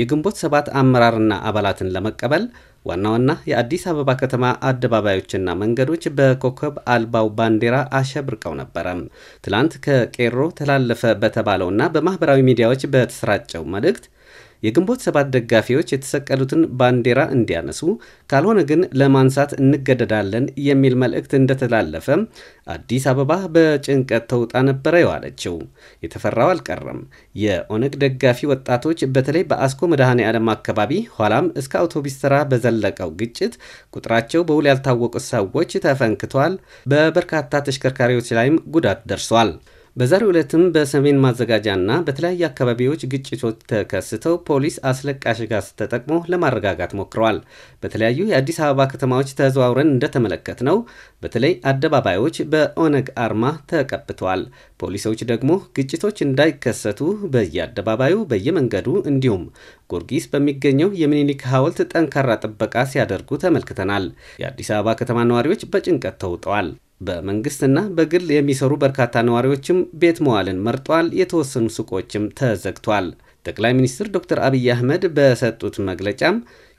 የግንቦት ሰባት አመራርና አባላትን ለመቀበል ዋና ዋና የአዲስ አበባ ከተማ አደባባዮችና መንገዶች በኮከብ አልባው ባንዲራ አሸብርቀው ነበረ። ትላንት ከቄሮ ተላለፈ በተባለውና በማኅበራዊ ሚዲያዎች በተሰራጨው መልእክት የግንቦት ሰባት ደጋፊዎች የተሰቀሉትን ባንዲራ እንዲያነሱ ካልሆነ ግን ለማንሳት እንገደዳለን የሚል መልእክት እንደተላለፈ አዲስ አበባ በጭንቀት ተውጣ ነበረ የዋለችው። የተፈራው አልቀረም። የኦነግ ደጋፊ ወጣቶች በተለይ በአስኮ መድኃኔ ዓለም አካባቢ ኋላም እስከ አውቶቡስ ተራ በዘለቀው ግጭት ቁጥራቸው በውል ያልታወቁት ሰዎች ተፈንክቷል። በበርካታ ተሽከርካሪዎች ላይም ጉዳት ደርሷል። በዛሬው ዕለትም በሰሜን ማዘጋጃና በተለያዩ አካባቢዎች ግጭቶች ተከስተው ፖሊስ አስለቃሽ ጋዝ ተጠቅሞ ለማረጋጋት ሞክረዋል። በተለያዩ የአዲስ አበባ ከተማዎች ተዘዋውረን እንደተመለከት ነው። በተለይ አደባባዮች በኦነግ አርማ ተቀብተዋል። ፖሊሶች ደግሞ ግጭቶች እንዳይከሰቱ በየአደባባዩ በየመንገዱ፣ እንዲሁም ጎርጊስ በሚገኘው የሚኒሊክ ሐውልት ጠንካራ ጥበቃ ሲያደርጉ ተመልክተናል። የአዲስ አበባ ከተማ ነዋሪዎች በጭንቀት ተውጠዋል። በመንግስትና በግል የሚሰሩ በርካታ ነዋሪዎችም ቤት መዋልን መርጧል። የተወሰኑ ሱቆችም ተዘግቷል። ጠቅላይ ሚኒስትር ዶክተር አብይ አህመድ በሰጡት መግለጫም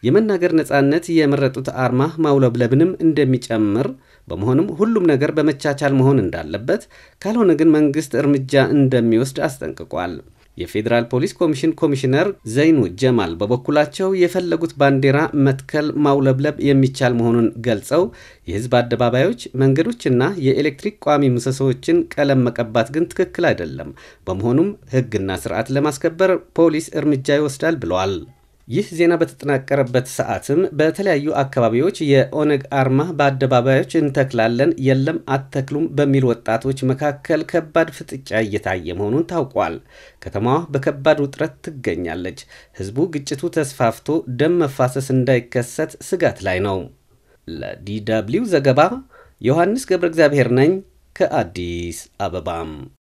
የመናገር ነፃነት የመረጡት አርማ ማውለብለብንም እንደሚጨምር በመሆኑም ሁሉም ነገር በመቻቻል መሆን እንዳለበት፣ ካልሆነ ግን መንግስት እርምጃ እንደሚወስድ አስጠንቅቋል። የፌዴራል ፖሊስ ኮሚሽን ኮሚሽነር ዘይኑ ጀማል በበኩላቸው የፈለጉት ባንዲራ መትከል፣ ማውለብለብ የሚቻል መሆኑን ገልጸው የህዝብ አደባባዮች፣ መንገዶችና የኤሌክትሪክ ቋሚ ምሰሶዎችን ቀለም መቀባት ግን ትክክል አይደለም። በመሆኑም ህግና ስርዓት ለማስከበር ፖሊስ እርምጃ ይወስዳል ብለዋል። ይህ ዜና በተጠናቀረበት ሰዓትም በተለያዩ አካባቢዎች የኦነግ አርማ በአደባባዮች እንተክላለን የለም አተክሉም በሚል ወጣቶች መካከል ከባድ ፍጥጫ እየታየ መሆኑን ታውቋል። ከተማዋ በከባድ ውጥረት ትገኛለች። ህዝቡ ግጭቱ ተስፋፍቶ ደም መፋሰስ እንዳይከሰት ስጋት ላይ ነው። ለዲደብሊው ዘገባ ዮሐንስ ገብረ እግዚአብሔር ነኝ ከአዲስ አበባም